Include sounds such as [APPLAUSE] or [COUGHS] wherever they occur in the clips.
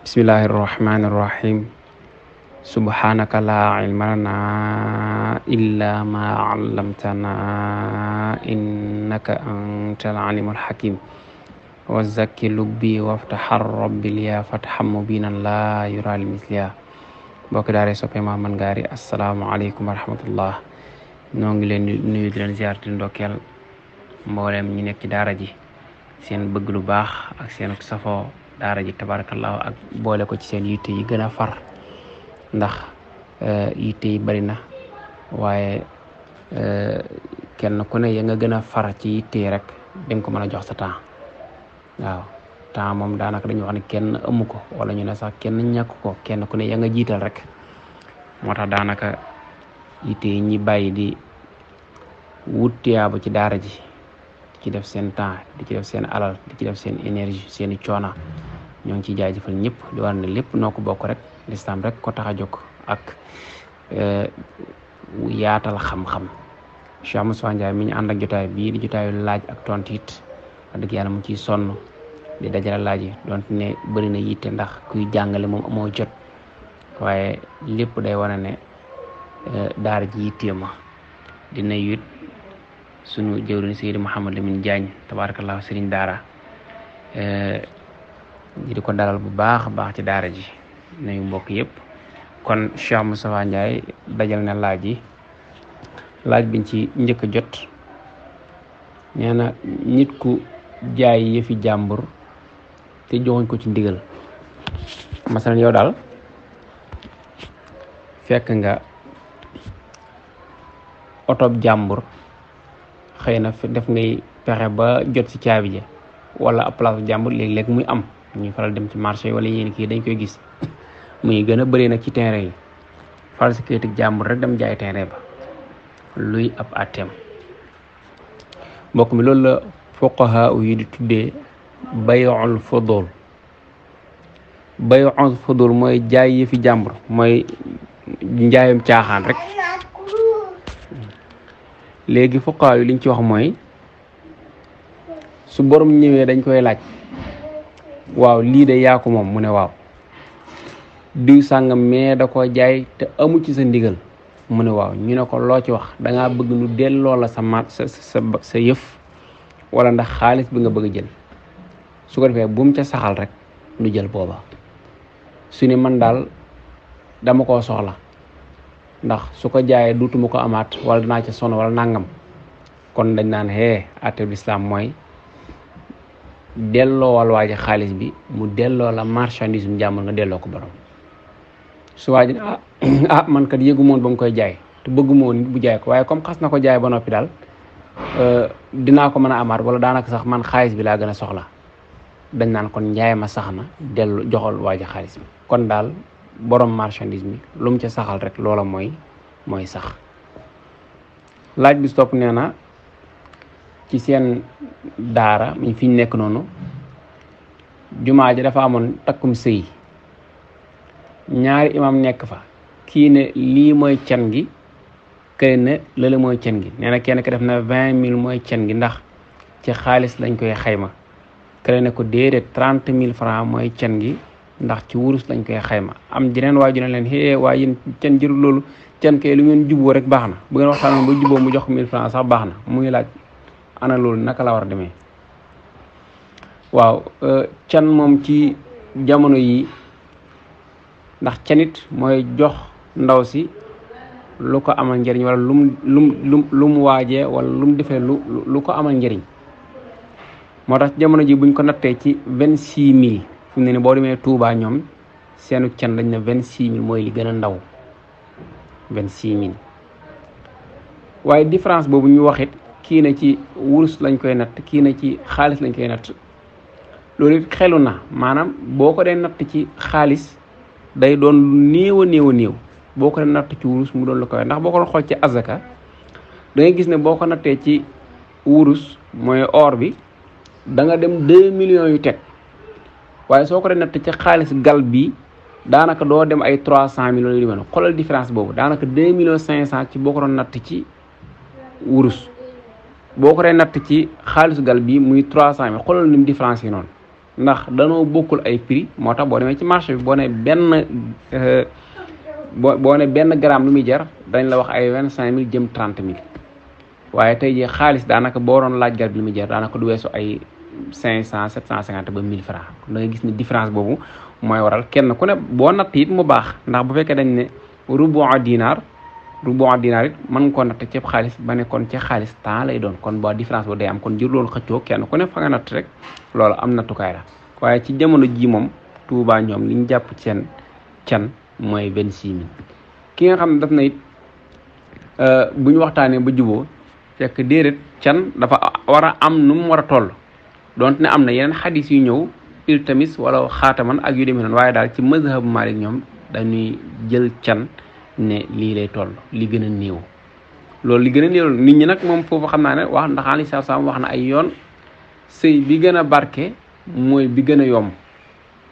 بسم الله الرحمن الرحيم سبحانك لا علم لنا إلا ما علمتنا إنك أنت العليم الحكيم وزكي لبي وافتح الرب ليا فتحا مبينا لا يرى المثليا mbokk daare soppe Mahamad Ngari asalaamaaleykum wa rahmatullah ñoo ngi leen di nuyu di leen ziar di ndokkeel mboolem ñi nekk ci daara ji seen bëgg lu baax ak seen safoo daara ji tabarakallah ak boole ko ci seen yitte yi gën a far ndax eh, yitte yi bari na waaye eh, kenn ku ne ya nga gën a far ci yitte rek di ko mën a jox sa temps waaw temps moom daanaka dañu wax ne kenn amu ko wala ñu ne sax kenn ñàkk ko kenn ku ne ya nga jiital rek moo tax daanaka yitte yi ñi bàyyi di wut tiyaabu ci daara ji di ci def seen temps di ci def seen alal di ci def seen énergie seeni coona ñoo ngi ciy jaajëfal ñëpp di war lépp noo ko bokk rek lislaam rek ko tax a jóg ak euh, yaatal xam-xam Cheikh Moussa Ndiaye mi ñu ànd ak jotaay bii di laaj ak tontu it wax dëgg yàlla mu ciy sonn di dajale laaj yi ne bëri na yitte ndax kuy jàngale moom amoo jot waaye lépp day wane ne euh, daara ji yittee ma dina yit sunu jëwriñ Seydi Mouhamed Lamine Diagne tabaarakallaahu sëriñ daara euh, di di ko dalal bu baax baax ci daara ji nuyu mbokk yëpp kon Cheikh Moustapha Ndiaye dajal na laaj yi laaj biñ ci njëkk jot nee na nit ku jaay yëfi jàmbur te joxuñ ko ci ndigal masal yow daal fekk nga otob jàmbur xëy na def ngay pexe ba jot ci caabi ja wala place jàmbur mui léeg muy am ñuy faral dem ci marché yi wala yéen kii dañ koy gis [COUGHS] muy gën a bëri nag ci terrain yi faral si këyitig jàmbur rek dem jaay terrain ba luy ab atem mbokk mi loolu la fuqaha yi di tuddee bay'ul fudul bay'ul fudul mooy jaay yëfi jàmbur mooy njaayum caaxaan rek léegi fuqaha yi liñ ci wax mooy su boroom ñëwee dañ koy laaj waaw lii de yaa moom mu ne waaw diw sàngam mais da koo jaay te amu ci sa ndigal mu ne waaw ñu ne ko loo ci wax dangaa bëgg nu delloo la sa maat sa yëf wala ndax xaalis bi nga bëgg a jël su ko defee bu mu ca saxal rek nu jël booba su ne man daal dama koo soxla ndax su ko jaayee duutuma ko amaat wala danaa ca sonn wala nangam kon dañ naan hee atte lislaam mooy delloowal waa ji xaalis bi mu delloo la marchandise mu jàmbur nga delloo ko borom su waa ji ah [CLEARS THROAT] ah man kat yëgu moon ba mu koy jaay te bëggumoon moon bu jaay ko waaye comme xas na ko jaay ba noppi daal euh, dinaa ko mën a amaat wala daanaka sax man xaalis bi laa gën a soxla dañ naan kon njaay ma sax na dellu joxal waa xaalis bi kon daal boroom marchandise bi lum mu ca saxal rek loola mooy mooy sax laaj bi stopp nee ci seen daara mi fi ñu nekk noonu jumaa ji dafa amoon takkum sëy ñaari imam nekk fa kii ne lii mooy can gi kële ne lële mooy can gi nee kenn ki def na vingt mille mooy can gi ndax ci xaalis lañ koy xayma kële ne ko déedéet trente mille franc mooy can gi ndax ci wurus lañ koy xayma am jeneen waa ju leen xëyee waa cen can loolu can kay lu ngeen juboo rek baax na bu ngeen waxtaanoon ba juboo mu jox mille franc sax baax na muy laaj ana loolu naka la war demee waaw euh, can moom ci jamono yi ndax canit mooy jox ndaw si lu ko amal njëriñ wala lum lum lu mu waajee wala lu mu defee lu lu ko amal njëriñ moo tax jamono ji buñ ko nattee ci vingt six mille fu mu ne ni boo demee Touba ñoom seenu can dañ ne vingt six mille mooy li gën a ndaw vingt six mille waaye différence boobu ñu waxit kii na ci wurus lañ koy natt kii na ci xaalis lañ koy natt loolu it xelu na maanaam boo ko dee natt ci xaalis day doon néew a néew néew boo ko natt ci wurus mu doon lu kawe ndax boo ko doon xool ci azaka da ngay gis ne boo ko nattee ci wurus mooy or bi da nga dem deux millions yu teg waaye soo ko dee natt ci xaalis gal bi daanaka doo dem ay trois cent millions yu di mel différence boobu daanaka deux millions cinq cent ci boo ko doon natt ci wurus boo ko dee natt ci xaalisu gal bi muy trois cent mille xoolal ni mu différence yi noonu ndax danoo bokkul ay prix moo tax boo demee ci marché bi boo ne benn boo boo ne benn gramme lu muy jar dañ la wax ay vingt cinq mille jëm trente mille waaye tey jii xaalis daanaka boo doon laaj garab bi lu muy jar daanaka du weesu ay cinq cent sept cent cinquante ba mille francs da gis ne différence boobu mooy waral kenn ku ne boo natt it mu baax ndax bu fekkee dañ ne rubu dinar rubu dinaar it man kon koo natt ceeb xaalis ba ne kon ca xaalis temps lay doon kon ba différence ba day am kon jër loolu xëccoo kenn ku ne fa nga natt rek loolu am nattukaay la waaye ci jamono ji moom Touba ñoom li ñu jàpp seen can mooy vingt six mille ki nga xam ne na it euh, bu ñu waxtaanee ba juboo fekk déedéet can dafa war a am nu mu war a toll donte ne am na yeneen xadis yu ñëw irtamis wala xaata man ak yu demee noonu waaye daal ci mazhab Malik ñoom dañuy jël can ne lii lay toll li gën a néew loolu li gën a néew nit ñi nag moom foofu xam naa ne wax ndax aleyhi salaam wax na ay yoon sëy bi gën a barke mooy bi gën a yomb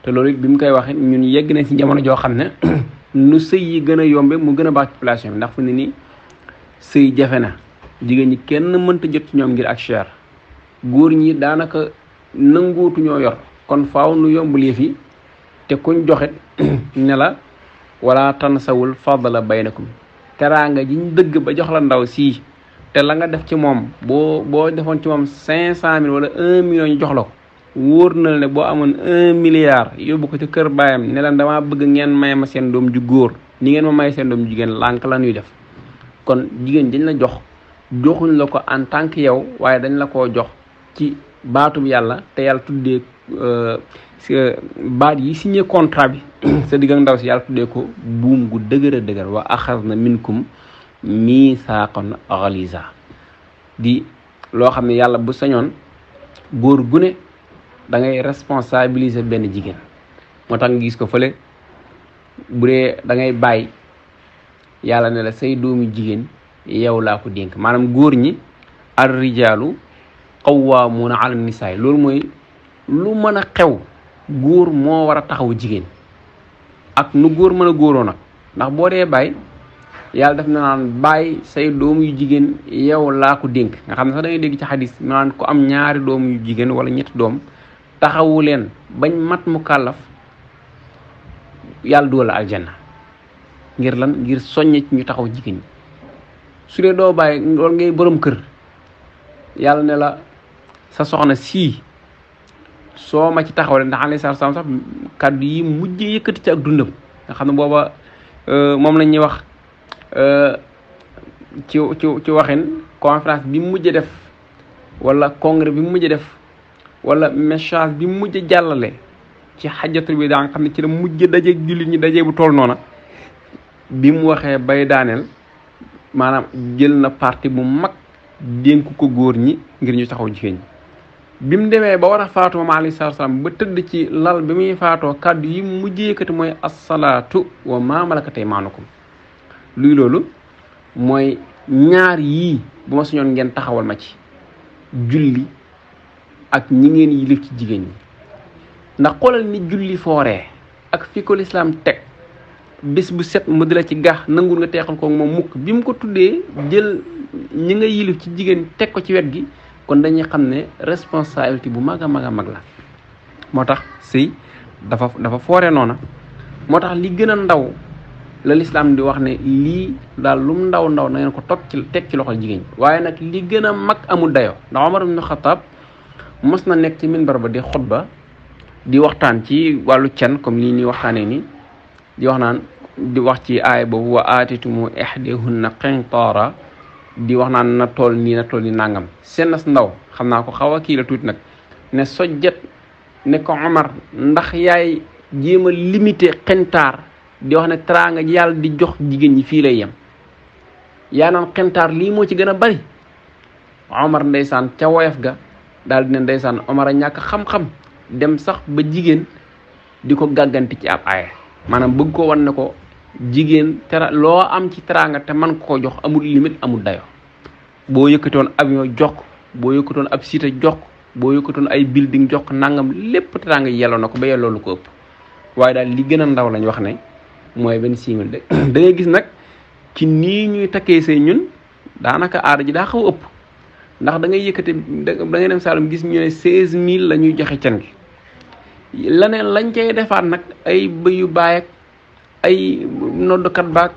te loolu it bi mu koy waxee ñun yegg nañ ci jamono joo xam ne [CLEARS THROAT] nu sëy yi gën a yombe mu gën a baax ci population bi ndax fu ne nii sëy jafe na jigéen ñi kenn mënta jot ci ñoom ngir ak cher góor ñi daanaka nanguutu ñoo yor kon faaw nu yombul yëf yi te kuñ joxit [CLEARS THROAT] ne la wala tansawul fadla baynakum teraanga jiñ dëgg ba jox la ndaw sii te la nga def ci moom boo boo defoon ci moom cinq cent mille wala un million jox la ko wóor na ne boo amoon un milliard yóbbu ko ci kër baayam ne la damaa bëgg ngeen may ma seen doom ju góor ni ngeen ma may seen doom jigéen lànk la ñuy def kon jigéen dañ la jox joxuñ la ko en tant que yow waaye dañ la koo jox ci baatum yàlla te yàlla tuddee euh, euh, baat yi signé contrat bi [CLEARS THROAT] sa digg ndaw si yàlla tuddee ko buum gu dëgër a dëgër wa minkum xalisa di loo xam ne yàlla bu sañoon góor gu ne da ngay responsabiliser benn jigéen moo tax nga gis ko fële bu dee da ngay bàyyi yàlla ne la say doomi jigéen yow laa ko dénk maanaam góor ñi ar rijalu qawwamuna ala nisaay loolu mooy lu mën xew góor moo war taxaw jigéen ak nu góor mën a góoroo nag ndax boo dee baay yàlla def na naan baay say doom yu jigéen yow laa ko dénk nga xam ne sax da dégg ci xadis mu naan ko am ñaari doom yu jigéen wala ñetti doom taxawu leen bañ mat mu kàllaf yàlla dugal la aljanna ngir lan ngir soññe ci ñu taxaw jigéen ñi su dee doo bàyyi loolu ngay boroom kër yàlla ne la sa soxna sii soo ma ci taxaw taxawale ndax alayhi salaatu salaam sax kàddu yi mujj yëkkati ci ak dundam xam ne booba euh, moom la ñuy wax euh, ci ci ci waxin conférence bi mu mujj def wala congrès bi mu mujj def wala message bi mu mujj jàllale ci xajatul bi daa nga xam ne ci la mujj dajeeg jullit ñi dajee bu tool noona bi mu waxee bay daaneel maanaam jël na partie bu mag dénk ko góor ñi ngir ñu taxaw jigéen ñi bi mu demee ba war a faatu moom sa salaatu salaam ba tëdd ci lal bi muy faatoo kàddu yi mujjee yëkkati mooy asalaatu wa maa malakatay maanukum luy loolu mooy ñaar yii bu ma suñoon ngeen taxawal ma ci julli ak ñi ngeen yilif ci jigéen ñi ndax xoolal ni julli fooree ak fi lislaam teg bis bu set mu di la ci gax nangul nga teexal ko moom mukk bi mu ko tuddee jël ñi nga yilif ci jigéen teg ko ci wet gi kon dañuy xam ne responsabilité bu maga maga mag la motax si dafa dafa foré nona motax li gëna ndaw la l'islam di wax ne li dal lum ndaw ndaw na ngeen ko toog ci tek ci loxol jigéen waaye nak li gëna mag amu dayo ndax Omar ibn Khattab musna na ci minbar ba di khutba di waxtaan ci walu cian comme li ni waxane ni di wax naan di wax ci ay boobu wa atitumu ihdihunna qintara di wax naan na tool nii na tool nii nangam seen as ndaw xam naa ko xaw a kii la tuuti nag ne sojjet ne ko ndax yaay jéema a limité xentaar di wax ne teraanga yàlla di jox jigéen ñi fii lay yem yaa naan xentaar lii moo ci gën a bari Omar ndeysaan ca woyof ga daal di ne ndeysaan Omar a ñàkk xam-xam dem sax ba jigéen di ko gàgganti ci ab aaya maanaam bëgg ko wan ko jigéen tera loo am ci teraanga te man koo jox amul limite amul dayo boo yëkkatoon avion jox boo yëkkatoon ab cité jox boo yëkkatoon ay building jox nangam lépp teraanga yelloo na ko ba yelloo lu ko ëpp waaye daal li gën a ndaw lañ wax ne mooy benn simil [CLEARS THROAT] da dangay gis nag ci nii ñuy takkee say ñun daanaka aada ji daa xaw ëpp ndax da ngay yëkkate da ngay dem Saalum gis ñu ne mille la ñuy joxe can gi leneen lañ cay defaat nag ay bëyu bàyyeek ay noddkat baag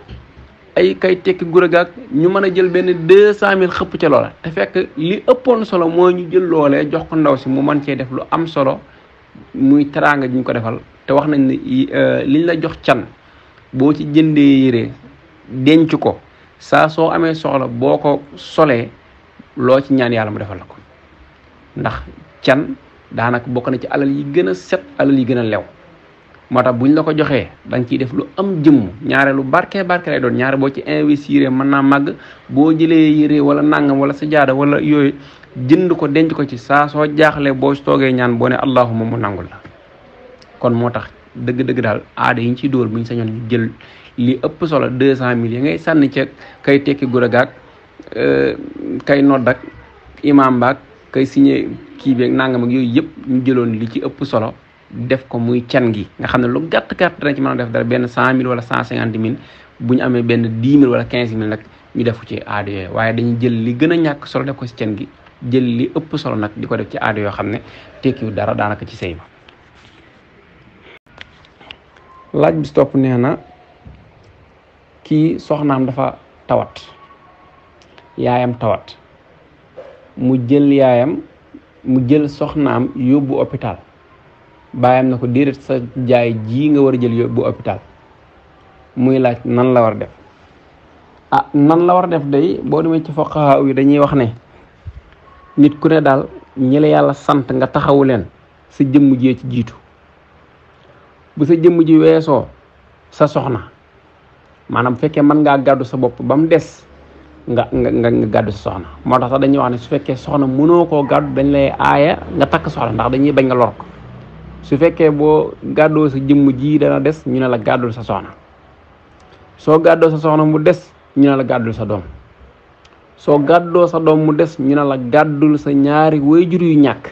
ay kay tekki gura gaag ñu mën a jël benn deux cent mille xëpp ca loola te fekk li ëppoon solo moo ñu jël loole jox ko ndaw si mu mën cee def lu am solo muy teraanga ju ñu ko defal te wax nañ ne euh, liñ la jox can boo ci jëndee yére denc ko saa soo amee soxla boo ko solee loo ci ñaan yàlla mu defal la ko ndax can daanaka bokk na ci alal yi gën a set alal yi gën a lew moo tax buñ la ko joxee danga nga ciy def lu am jëmm ñaare lu barke barke lay doon ñaare boo ci investir mën naa màgg boo jëlee yére wala nangam wala sa jaada wala yooyu jënd ko denc ko ci saa soo jaaxlee boo toogee ñaan boo ne allahuma mu nangul la kon moo tax dëgg-dëgg daal aada yi ñu ciy dool bu ñu sañoon ñu jël li ëpp solo deux cent mille yi ngay sànni ceeg kay tekki guragaag euh, kay nodd ak imaam baag kay signé kii beeg nangam yooyu yëpp ñu jëloon li ci ëpp solo def ko muy can gi nga xam ne lu gàtt gàtt dana ci mën a def dara benn cent mille wala cent cinquante mille bu ñu amee benn dix mille wala quinze mille nag ñu def ci aada yooyu waaye dañuy jël li gën a ñàkk solo def ko ci can gi jël li ëpp solo nag di ko def ci aada yoo xam ne tekkiwu dara daanaka ci sëy ba laaj bi si topp nee na kii soxnaam dafa tawat yaayam tawat mu jël yaayam mu jël soxnaam yóbbu hôpital bayam na ko sa jaay ji nga war jël yóbbu hôpital muy laaj nan la war def ah nan la war def day bo demé ci fuqaha wi dañuy wax né nit ku né dal ñi yalla sant nga taxawu len sa jëm ji ci jitu bu sa jëm ji wéso sa soxna manam fekke man nga gaddu sa bop bam dess des nga nga nga gaddu soxna motax dañuy wax ni su fekke soxna mëno ko gaddu dañ lay aaya nga tak soxna ndax dañuy bañ nga lor su fekkee boo gàddoo sa jëmm jii dana des ñu ne la gàddul sa soxna soo gàddoo sa soxna mu des ñu ne la gàddul sa doom soo gàddoo sa doom mu des ñu ne la gàddul sa ñaari waajur yu ñàkk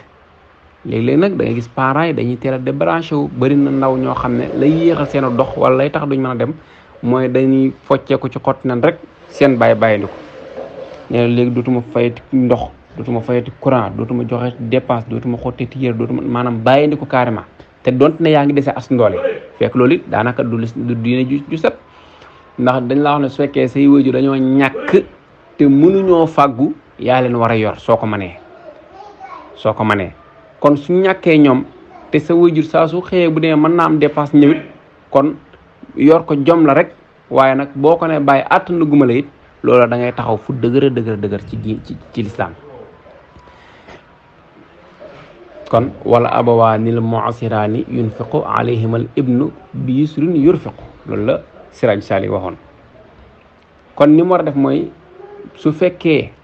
léeg-léeg nag da gis parents yi dañuy teel a débranché wu bëri na ndaw ñoo xam ne lay yéexal seen dox wala lay tax duñ mën a dem mooy dañuy focceeku ci xott nan rek seen bàyyi bàyyi ko ne léegi dootuma fay ndox dootuma fayati courant dootuma joxe dépense dootuma xotti tiyeer dootuma maanaam bàyyindi ko carrément te doot ne yaa ngi desee as ndoole fekk loolu it daanaka du du diine ju ju set ndax dañ la wax ne su fekkee say wéju dañoo ñàkk te mënuñoo fàggu yaa leen war a yor soo ko manee soo ko mënee kon su ñàkkee ñoom te sa wéjur saa su xëyee bu dee mën naa am dépense ñëwit kon yor ko jom rek waaye nag boo ko ne bàyyi àttana guma la it loola da ngay taxaw fu dëgër dëgër dëgër ci ci ci lislaam kon wala abawaanil muasiraani yunfiqu alayhimal ibnu bi yusrin yurfiqu loolu la siraj saali waxoon kon ni mu war a def mooy su fekkee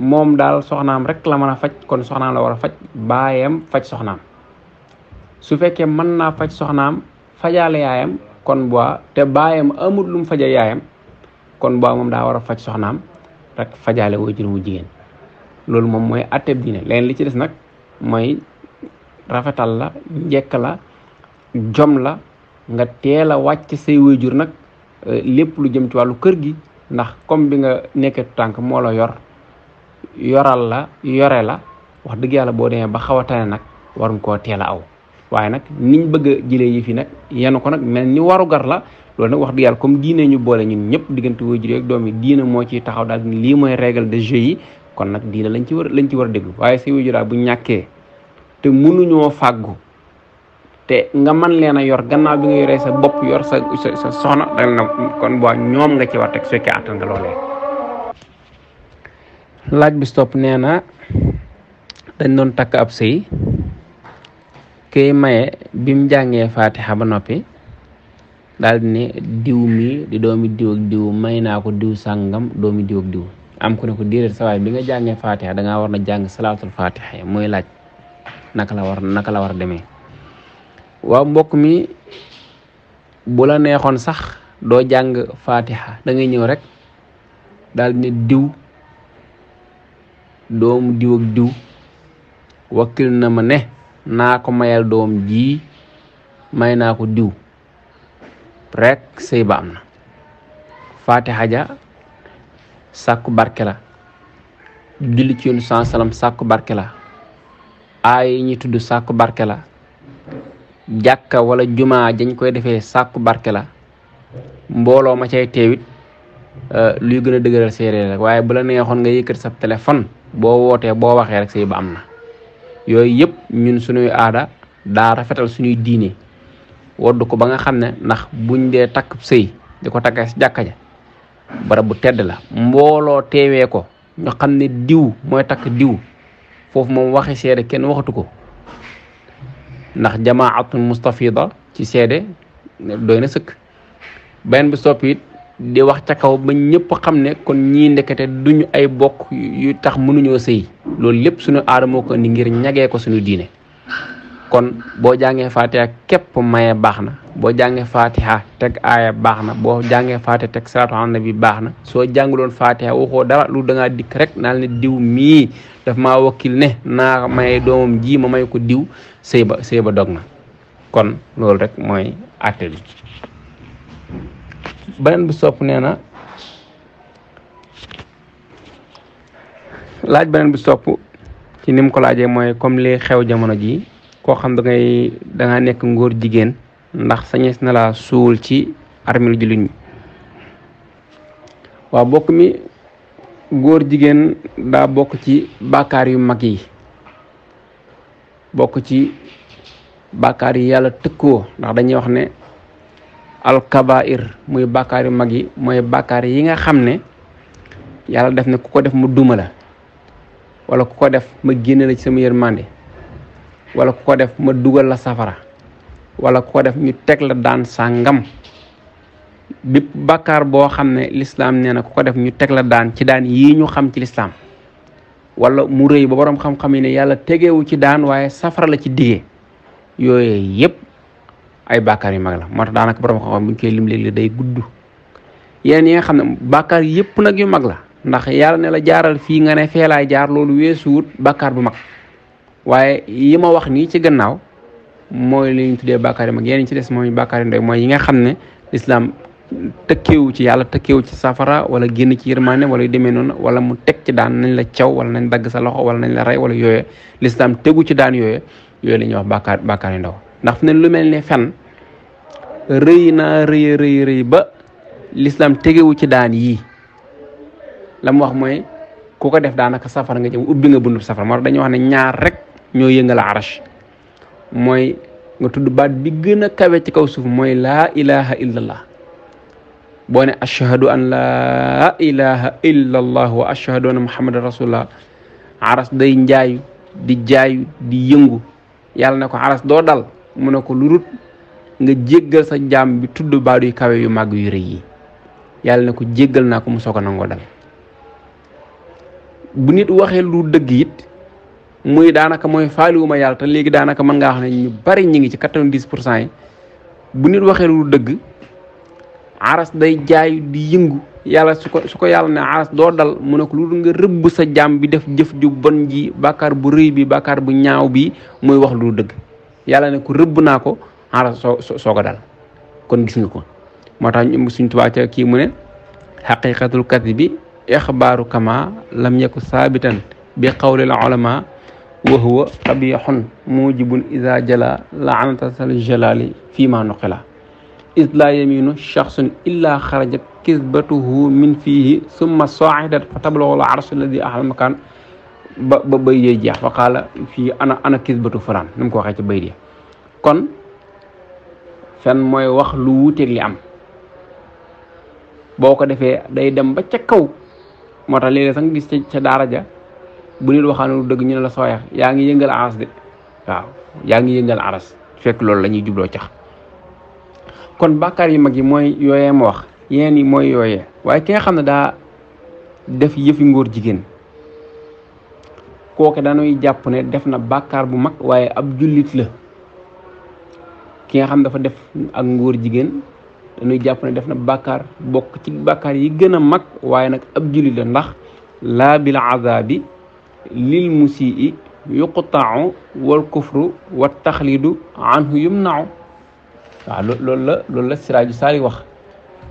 moom daal soxnaam rek la mën a faj kon soxnaam la war a faj baayam faj soxnaam su fekkee mën naa faj soxnaam fajaale yaayam kon boi te baayam amul lu mu faja yaayam kon boi moom daa war a faj soxnaam rek fajaale wajur wu jigéen loolu moom mooy atteb diine leen li ci des nag mooy rafetal la njekk la jom la nga teel a wàcc say waajur nag euh, lépp lu jëm ci wàllu kër gi ndax comme bi nga nekkee tànk moo la yor yoral la yore la wax dëgg yàlla boo demee ba xaw a tane nag waruñ koo teel a aw waaye nag niñ bëgg a jëlee yi fi nag yenu ko nag mel ni waru gar la loolu nag wax dëgg yàlla comme diine ñu boole ñun ñëpp diggante waajur ak doom yi diine moo ciy taxaw daal lii mooy règle de jeu yi kon nag diine lañ ci war lañ ci war a déglu waaye say waajur bu ñàkkee te mënuñoo fàggu te nga man leen a yor gannaaw bi nga yoree sa bopp yor sa sa soxna da na boo ñoom nga ci war teg su fekkee àttan laaj bi stop nee na dañ doon takk ab sëy kay maye bimu jàngee faatixa ba noppi daal di ne diw mi di doomi diw ak diw may naa ko diw sangam doomi diw ak diw am ku ne ko déedéet sa waay bi nga jàngee faate da ngaa war na jàng salaatul faatixa yi mooy laaj naka la war naka la war demé wa mbok mi bu la neexoon sax do jang fatiha da ngay ñew rek dal ni diw doom diw ak diw wakil na ma ne naa ko mayal doom ji may na ko diw rek sey ba amna fatiha ja sakku barkela julli ci yoonu salam sàkku ay ñi tuddu sakku barke la jakka wala juma dañ koy defee sakku barke la mbolo ma cay euh luy gëna dëgëral séré rek waye bu la neexon nga yëkkat sa téléphone bo woté bo waxé rek sey ba amna yoy yëpp ñun suñuy aada da rafetal suñuy diiné wodd ko ba nga xamné ne buñ dé tak sey diko ja barab tedd la mbolo téwé ko ñu xamné diw foofu moom waxi seede kenn waxatu ko ndax jamaatun mustafida ci seede doy na sëkk beneen bu sopp di wax ca kaw ba ñëpp xam ne kon ñii ndekete duñu ay bokk yu tax mënuñoo sëy loolu lépp suñu aada moo ko indi ngir ñagee ko suñu diine kon boo jàngee fatiha képp maye baax na boo jàngee fatiha teg aaya baax na boo jàngee fatiha teg salaatu ala nabi baax na soo jànguloon fatiha waxoo dara lu da dikk rek naal ne diw mii daf ma wakkil ne naa maye doom ji ma may ko diw sëy dog na kon loolu rek mooy atte bi beneen bi na laaj beneen bi sopp ci ni mu ko laajee mooy comme li xew jamono ji ko xam da ngay da nga nekk ngóor jigéen ndax sañees na la suul ci armil jullit ñi waaw bokk mi góor jigéen daa bokk ci bàkkaar yu mag yi bokk ci bàkkaar yi yàlla tëkkoo ndax dañuy wax ne alkabair muy bàkkaar yu mag yi mooy bàkkaar yi nga xam ne yàlla def ne ku def mu duma la wala ku def ma génne la ci sama yërmande wala ku def ma dugal la safara wala def ñu tek la daan sangam bi bakar bo xamne ne neena na def ñu tek la daan ci daan yi ñu xam ci l'islam wala mu rëy ba borom xam-xam ne yàlla tegeewu ci daan waye safara la ci digee yooyu yépp ay bakar yu mag la mo tax daanaka borom xam-xam buñ koy lim li day gudd yeen yi nga xamne bakar yépp nak yu mag la ndax yalla ne la jaaral fi nga ne lay jaar loolu weesuwut bakar bu mag waaye yi ma wax nii ci gannaaw mooy li tuddee bàkkaar yi mag yeneen ci des mooy bàkkaar yi mooy yi nga xam ne lislaam tëkkewu ci yàlla tëkkewu ci safara wala génn ci yërmaane wala yu demee noonu wala mu teg ci daan nañ la caw wala nañ dagg sa loxo wala nañ la rey wala yooye lislaam tegu ci daan yooye yooyu la ñuy wax bàkkaar bàkkaar ndax fu ne lu mel ne fen rëy naa rëy rëy ba lislaam tegewu ci daan yii la mu wax mooy ku ko def daanaka safara nga jëm ubbi nga bundub safara moo tax dañuy wax ne ñaar rek ñoo yëngal arash mooy nga tudd baat bi gën a ci kaw suuf mooy la ilaha illallah boo ne ashhadu an laa ilaha illallah wa ashhadu anna muhammadan rasulullah aras day njaayu di jaayu di yëngu yàlla na ko aras doo dal mu ne ko lurut nga jéggal sa jaam bi tudd baat yi kawe yu màgg yu rëy yi yàlla ne ko jéggal naa ko mu soog a nangoo dal bu nit waxee lu dëgg it muy danaka moy faaliwuma yalla te legui danaka man nga wax ñu bari ñi ngi ci 90% bu nit waxe lu deug aras day jaay di yingu yalla suko suko yalla ne aras do dal mu ne ko lu nga reub sa jaam bi def jëf ju bon ji bakar bu reuy bi bakar bu ñaaw bi muy wax lu deug yalla ne ko reub aras soko dal kon gis nga ko mata ñu suñu tuba ca ki mu ne haqiqatul kadhibi ikhbaru kama lam yakun sabitan bi al ulama وهو قبيح موجب إذا جلا لعنة الجلال فيما نقلا إذ لا يمين شخص إلا خرجت كذبته من فيه ثم صعدت فتبلغ العرش الذي أعلى المكان ببي فقال في أنا أنا كذبة فران نمكو وخيت بيدي كون فان mooy wax lu wuuteeg li am boo ko defee day dem ba bu nit waxaanu dëgg ñu la sooyax yaa ngi aras de waaw yaa ngi aras fekk loolu la ñuy jubloo cax kon bakar yu mag yi mooy yooyee ma wax yeneen yi mooy yooyee waaye ki nga xam ne daa def yëfi ngóor jigéen kooke dañuy jàpp ne def na bakar bu mag waaye ab julit la ki nga xam dafa def ak jigin jigéen yi jàpp ne def na bakar bok ci bakar yi gën mag waaye nag ab julit la ndax la bil azabi lil musii yuqtau wal kufru wa taxlidu anhu yumnau waaw loolu la loolu la siraaju saari wax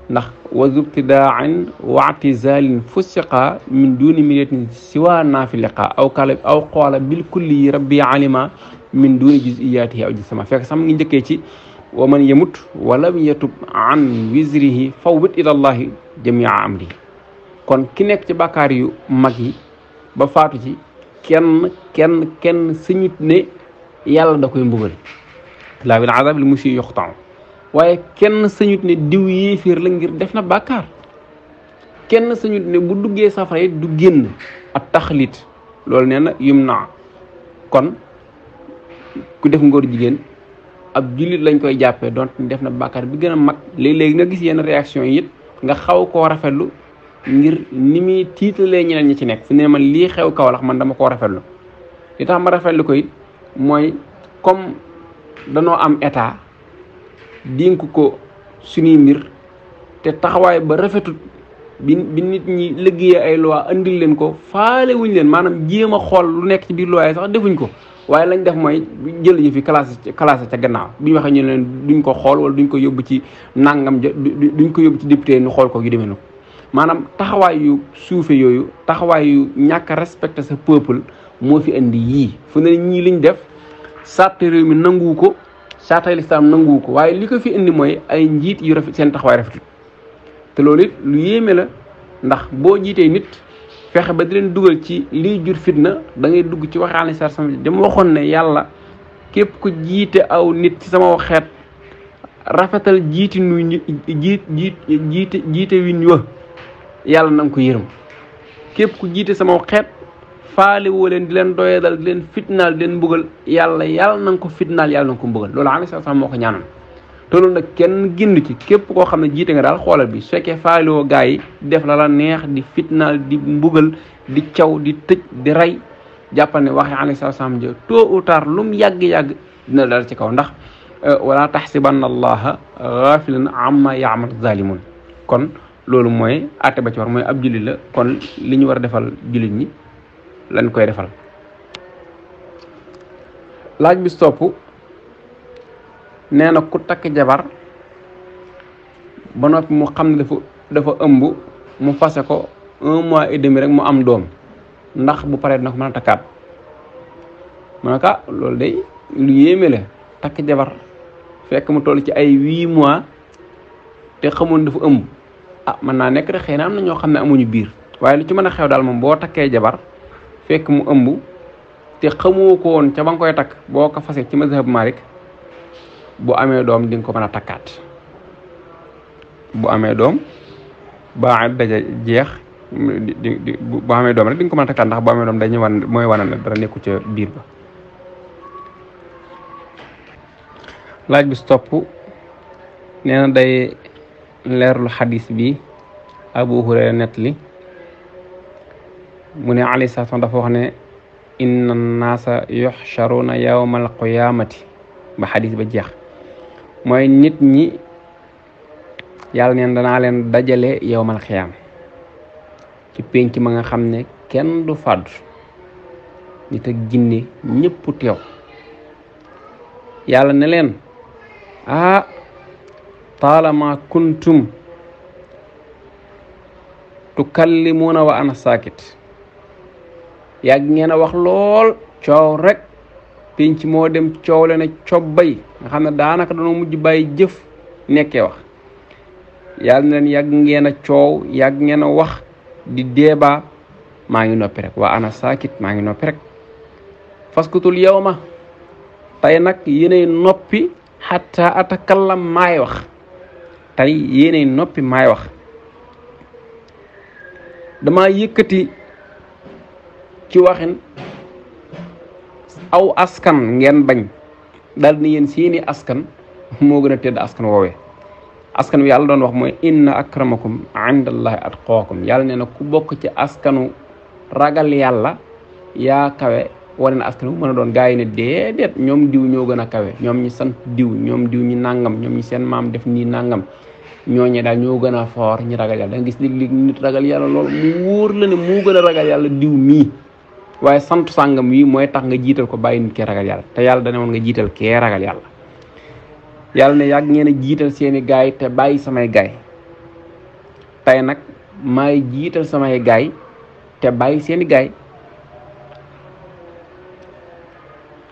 ndax wa zubtidaain wa atizalin fusiqa min duni miriatin siwa naafiliqa aw kala aw qoola bil kulli yi rabbi alima min duni juziyaatihi aw jisama fekk sax mu ngi njëkkee ci wa man yamut walam yatub an wisrihi fawwit ilallahi jamia amrihi kon ki nekk ci bàkkaar yu mag yi ba faatu ci kenn kenn kenn sëñut ne yàlla da koy mbugal laa bil azab li musi yoxtaan waaye kenn sëñut ne diw yéeféer la ngir def na bàkkaar kenn sëñut ne bu duggee safara du génn ak taxlit loolu nee na yum naa kon ku def ngóor jigéen ab jullit lañ koy jàppee donte def na bàkkaar bi gën a mag léeg-léegi nga gis yenn réaction yit nga xaw koo rafetlu ngir ni muy tiitalee ñeneen ñi ci nekk fu ne man lii xew Kaolack man dama koo rafetlu li tax ma rafetlu ko mooy comme danoo am état dénk ko suñuy mbir te taxawaay ba rafetut bi bi nit ñi liggéeyee ay loi andil leen ko faale wuñ leen maanaam jéem a xool lu nekk ci biir loi yi sax defuñ ko waaye lañ def mooy jël yëf yi classé classé ca gannaaw bi ñu waxee ñu leen duñ ko xool wala duñ ko yóbbu ci nangam duñ ko yóbbu ci député nu xool ko yu demee noonu maanaam taxawaay yu suufe yooyu taxawaay yu ñàkk respecte sa peuple moo fi indi yii fu ne ñii liñ def sàtte réew mi nangu ko sàtte lislaam nanguwu ko waaye li ko fi indi mooy ay njiit yu rafet seen taxawaay rafetul te loolu it lu yéeme la ndax boo jiitee nit fexe ba di leen dugal ci liy jur fitna da ngay dugg ci waxaani sar sama dama waxoon ne yàlla képp ku jiite aw nit ci sama xeet rafetal jiiti nu jiit jiit jiite jiite win wa yàlla na ko yërëm képp ku jiite sama xeet faale woo leen di leen doyadal di leen fitnaal den leen mbugal yàlla yàlla na ko fitnaal yàlla na ko mbugal loolu alayhi salaam moo ko ñaanoon te loolu nag kenn génn ci képp koo xam ne jiite nga daal xoolal bi su fekkee faale woo def la la neex di fitnaal di mbugal di caw di tëj di rey jàppal ne waxee alayhi salaam jo tôt ou tard lu yàgg-yàgg dina dal ci kaw ndax euh, wala taxsibanna allaha gaafilan amma yaamal zalimun kon loolu mooy àtte ba ci war mooy ab jullit la kon li ñu war a defal jullit ñi lañ koy defal laaj bi topp nee na ku takk jabar ba noppi mu xam ne dafa dafa ëmb mu fase ko un mois et demi rek mu am doom ndax bu pare dina ko mën a takkaat ma ne ah, loolu day lu yéeme la takk jabar fekk mu toll ci ay huit mois te xamoon dafa ëmb ah man naa nekk rek xëy na am na ñoo xam ne amuñu biir waaye lu ci mën a xew daal moom boo takkee jabar fekk mu ëmb te xamoo ko woon ca ba koy takk boo ko fasee ci mazhab Malik bu amee doom di ko mën a takkaat bu amee doom ba daja jeex di bu amee doom rek di nga ko mën a takkaat ndax bu amee doom dañu wan mooy wanal ne dara nekku ca biir ba laaj bi stopp nee na day leerlu hadis bi abu hurayra nettali mu ne alei saatu dafa wax ne inna Nasa yuxsharuna yawmal qiyaamati ba xadis ba jeex mooy nit ñi yàlla neen danaa dajale yawmal Qiyam. ci pénc ma nga xam ne kenn du fàddu nit ak ne ah taalama kuntum tukallimuuna wa ana saakit yàgg ngeen a wax lool coow rek pinc moo dem coow le ne cobbay nga xam ne daanaka dañoo mujj bay jëf nekkee wax yàlla na leen yàgg ngeen coow yàgg ngeen wax di débat maa ngi noppi rek waa ana saakit maa ngi noppi rek faskutul yow ma tey nag yéenay noppi xataa atakallam maay wax tey yeneen noppi maay wax dama yëkkati ci waxin aw askan ngeen bañ daal ni yéen seeni askan moo gën a tedd askan woowee askan wi yàlla doon wax mooy inna akramakum indallahi atqaakum yàlla nee na ku bokk ci askanu ragal yàlla yaa kawe wane na askan wi mën a doon gaa yi ne déedéet ñoom diw ñoo gën a kawe ñoom ñi sant diw ñoom diw ñi nàngam ñoom ñi seen maam def nii nangam ñooñe daal ñoo gën a foor ñi ragal yàlla da gis léeg-léeg nit ragal yàlla lool mu wóor la ne moo gën a ragal yàlla diw mii waaye sant sàngam wi mooy tax nga jiital ko bàyyi nit kee te yàlla dana woon nga jiital kee ragal yàlla yàlla ne yàgg ngeen a jiital seeni gaay bàyyi samay gaay tey nag maay jiital samay gaay te bàyyi seeni gaay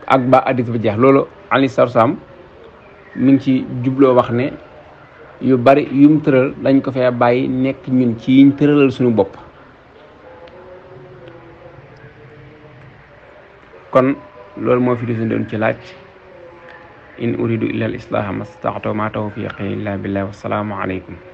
ak ba addis ba jeex loolu alei satu salam ngi ci jubloo wax ne yu bari yum mu tëral dañ ko fee bàyyi nekk ñun ci yiñ tëralal suñu bopp kon loolu moo fi di doon ci laaj in uridu illa al islaaha mastata'tu ma tawfiqi illa billah wassalaamu aleykum